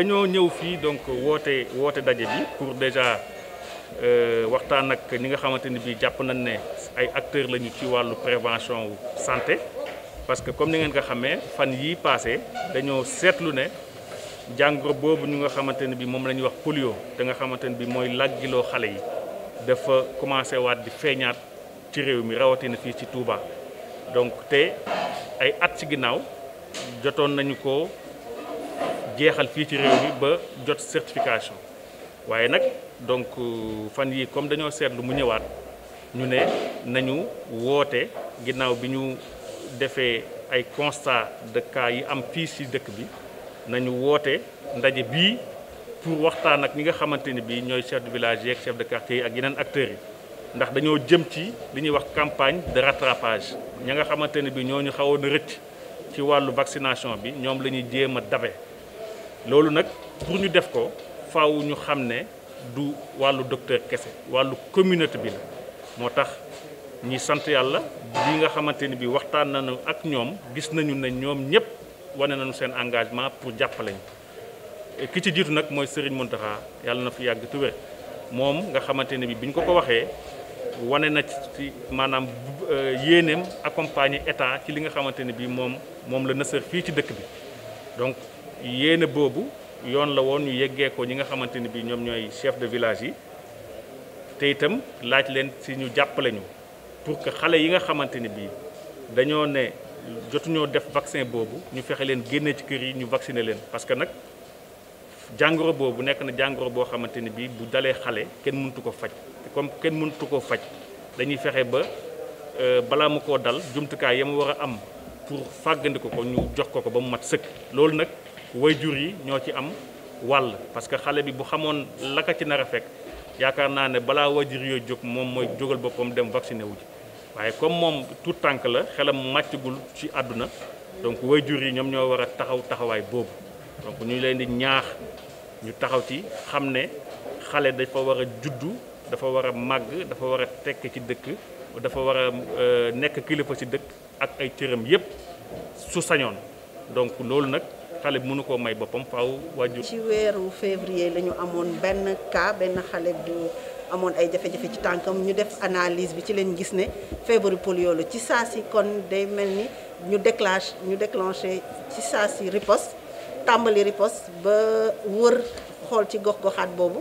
dañoo ñëw fii donc woote woote daje bi pour déjà euh, waxtaan ak ñi nga xamante ni bii jàpp nañ ne ay acteurs lañu ci wàllu prévention santé parce que comme ni ngeen ko xamee fan yii passé dañoo seetlu ne jàngoro boobu ñu nga xamante ne bii moom la ñuy wax polio te nga xamante ne bii mooy làggiloo xale yi dafa commencé waat di feeñaat ci réew mi rawatina fii ci Touba donc te ay at ci ginnaaw jotoon nañu ko. jeexal fii ci réew mi ba jot certification waaye nag donc fan yi comme dañoo seetlu mu ñëwaat ñu ne nañu woote ginnaaw bi ñu defee ay constat de yi am fii ci dëkk bi nañu woote ndaje bii pour waxtaan ak ñi nga xamante ni bii ñooy chef de village yi chef de quartier yi ak yeneen acteurs yi ndax dañoo jëm ci li ñuy wax campagne de rattrapage ña nga xamante ne bii ñooñu xawoon a rëcc ci wàllu vaccination bi ñoom la ñuy jéem a dabe loolu nag pour ñu def ko faw ñu xam ne du wàllu docteur kese wàllu communauté bi la moo tax ñi sant yàlla bi nga xamante ni bi waxtaan nañu ak ñoom gis nañu ne ñoom ñëpp wane nañu seen engagement pour jàppale ñu ki ci jiitu nag mooy Serigne Mountakha yàlla na fi yàgg te moom nga xamante ne bi bi ñu ko ko waxee wane na ci maanaam euh, yéeneem accompagner état ci li nga xamante ne bi moom moom la nësër fii ci dëkk bi donc yéene boobu yoon la woon ñu yeggee ko ñi nga xamante ni bi ñoom ñooy chef de village yi te itam laaj leen si ñu jàppale ñu pour que xale yi nga xamante ni bi dañoo ne jotuñoo def vaccin boobu ñu fexe leen génne ci kër yi ñu vacciner leen parce que nag jàngoro boobu nekk na jàngoro boo xamante ni bii bu dalee xale kenn mëntu ko faj comme kenn mëntu ko faj dañuy fexe ba euh, balaa mu ko dal jumtukaay yam war a am pour fàggandiku ko ñu jox ko ko ba mu mat sëkk loolu nag jur yi ñoo ci am wàll parce que xale bi bu xamoon la ci nar a fekk yaakaar naa ne balaa wayjur yooyu jóg moom mooy jógal boppam dem vacciné wu ji waaye comme moom tout tànk la xelam màccagul ci àdduna donc jur yi ñoom ñoo war a taxaw taxawaay boobu donc ñu leen di ñaax ñu taxaw ci xam ne xale dafa war a juddu dafa war a màgg dafa war a tekk ci dëkk dafa war a euh, nekk kilifa ci dëkk ak ay cëram yépp su sañoon donc loolu nag xale bi mënu koo may boppam faaw waajur ci weeru février la ñu amoon benn cas benn xale bu amoon ay jafe-jafe ci tànkam ñu def analyse bi ci leen gis ne feebaru polio la ci saa si kon day mel ni ñu déclenché ñu déclenché ci saa si riposte tàmbali riposte ba wër xool ci gox goxaat boobu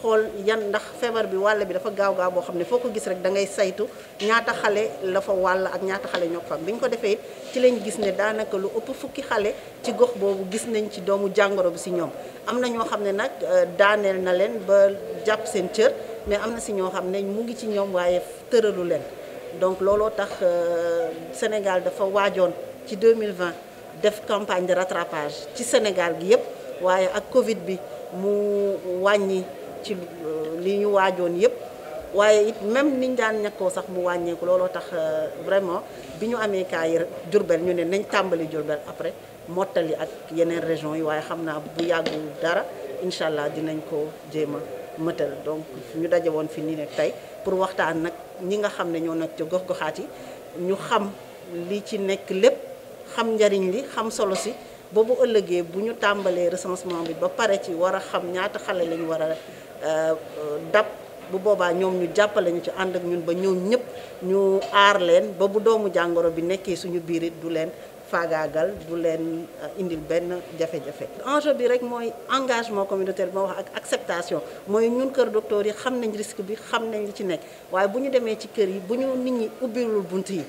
xool yan ndax feebar bi wàll bi dafa gaaw gaaw boo xam ne foo ko gis rek da saytu ñaata xale la fa wàll ak ñaata xale ñoo ko bi ñu ko defee ci lañ gis ne daanaka lu ëpp fukki xale ci gox boobu gis nañ ci doomu jàngoro bi si ñoom am na ñoo xam ne nag euh, daaneel na leen ba jàpp seen cër mais am na si ñoo xam ne mu ngi ci ñoom waaye tëralu leen donc looloo tax euh, Sénégal dafa waajoon ci 2020 def campagne de rattrapage ci Sénégal gi yëpp waaye ak Covid bi mu wàññi ci euh, li ñu waajoon yëpp waaye it même niñ daan ñàkkoo sax mu wàññeeku looloo tax euh, vraiment bi ñu amee cas yi Diourbel ñu ne nañ tàmbali Diourbel après mottali ak yeneen région yi waaye xam naa bu yàggul dara incha allah dinañ ko jéem a mëtal donc ñu daje woon fi nii nekk tey pour waxtaan nag ñi nga xam ne ñoo nag ci gox-goxaat yi ñu xam li ci nekk lépp xam njariñ li xam solo si boobu ëllëgee bu ñu tàmbalee recensement bi ba pare ci war a xam ñaata xale lañu war a Euh, dab bu boobaa ñoom ñu jàppale ñu ci ànd ak ñun ba ñoom ñëpp ñu aar leen ba bu doomu jàngoro bi nekkee suñu biir it du leen faagaagal bu leen euh, indil benn jafe-jafe. enjeu bi rek mooy engagement communautaire bi ma wax ak acceptation mooy ñun kër docteur yi xam nañ risque bi xam nañ li ci nekk waaye bu ñu demee ci kër yi bu ñu nit ñi ubbilul bunt yi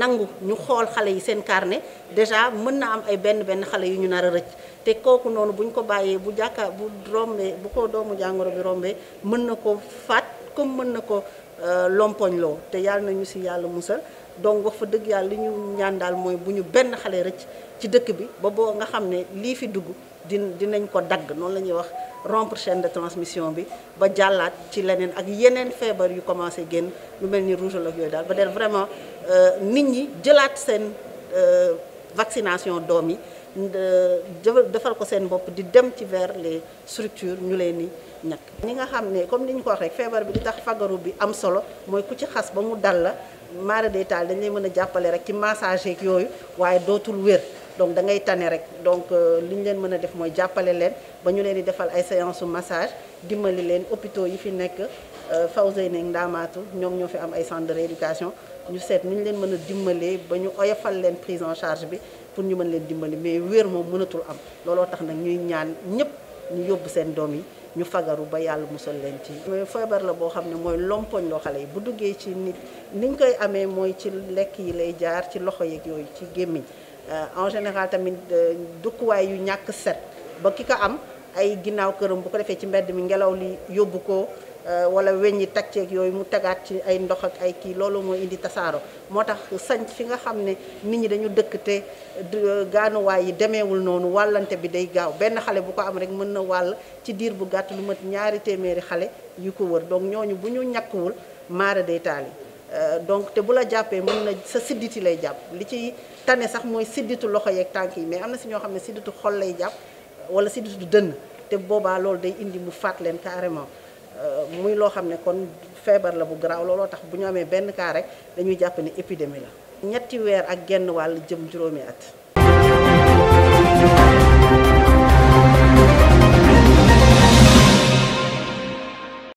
nangu ñu xool xale yi seen carnet déjà mën na am ay benn benn xale yu ñu nar a rëcc te kooku noonu bu ñu ko bàyyee bu jàkka bu rombee bu ko doomu jàngoro bi rombee mën na ko faat comme mën na ko euh, lompoñ loo te yàlla nañu si yàlla musal. donc wax fa dëgg yàlla li ñu ñaan daal mooy bu ñu benn xale rëcc ci dëkk bi ba boo nga xam ne lii fi dugg di dinañ ko dagg noonu la ñuy wax rompre chaîne de transmission bi ba jàllaat ci leneen ak yeneen feebar yu commencé génn lu mel ni rougeole ak yooyu daal ba def vraiment euh, nit ñi jëlaat seen euh, vaccination doom yi euh, defal ko seen bopp di dem ci vers les structures ñu leen ni ñàkk ñi nga xam ne comme ni ñu ko wax rek feebar bi di tax fagaru bi am solo mooy ku ci xas ba mu dal la mara day taal dañ lay mën a jàppale rek ci massage yeeg yooyu waaye dootul wér donc da ngay tane rek donc euh, li ñu leen mën a def mooy jàppale leen ba ñu leen di defal ay séance su massage dimbali leen hôpitaux yi fi nekk euh, Fawzey nekk Ndaamaatu ñoom ñoo fi am ay centre de rééducation ñu seet nu ñu leen mën a dimbalee ba ñu oyofal leen prise en charge bi pour ñu mën leen dimbali mais wér moom mënatul am looloo tax nag ñuy ñaan ñëpp ñu yóbbu seen doom yi ñu fagaru ba yàlla musal leen ci. Euh, feebar la boo xam ne mooy lompoñ loo xale yi bu duggee ci nit niñ koy amee mooy ci lekk yi lay jaar ci loxo yeeg yooyu ci gémmiñ euh, en général tamit euh, dëkkuwaay yu ñàkk set ba ki ko am. ay ginnaaw këram bu ko defee ci mbedd mi ngelaw li yóbbu ko euh, wala weñ yi tàcceeg yooyu mu tagaat ci ay ndox ak ay kii loolu moo indi tasaaro moo tax sanc fi nga xam ne nit ñi dañu dëkk te euh, gaanuwaay yi demeewul noonu wàllante bi day gaaw benn xale bu ko am rek mën na wàll ci diir bu gàtt lu mat ñaari téeméeri xale yu ko wër donc ñooñu bu ñu ñàkkuwul maara day taal yi euh, donc te bu la jàppee mën na sa sidditi lay jàpp li ci tane sax mooy sidditu loxo yeeg tànk yi mais am na si ñoo xam ne sidditu xol lay jàpp wala si du dënn te boobaa loolu day indi mu faat leen carrément euh, muy loo xam ne kon feebar la bu garaaw looloo tax bu ñu amee benn cas rek dañuy jàpp ne épidémie la ñetti weer ak genn wàll jëm juróomi at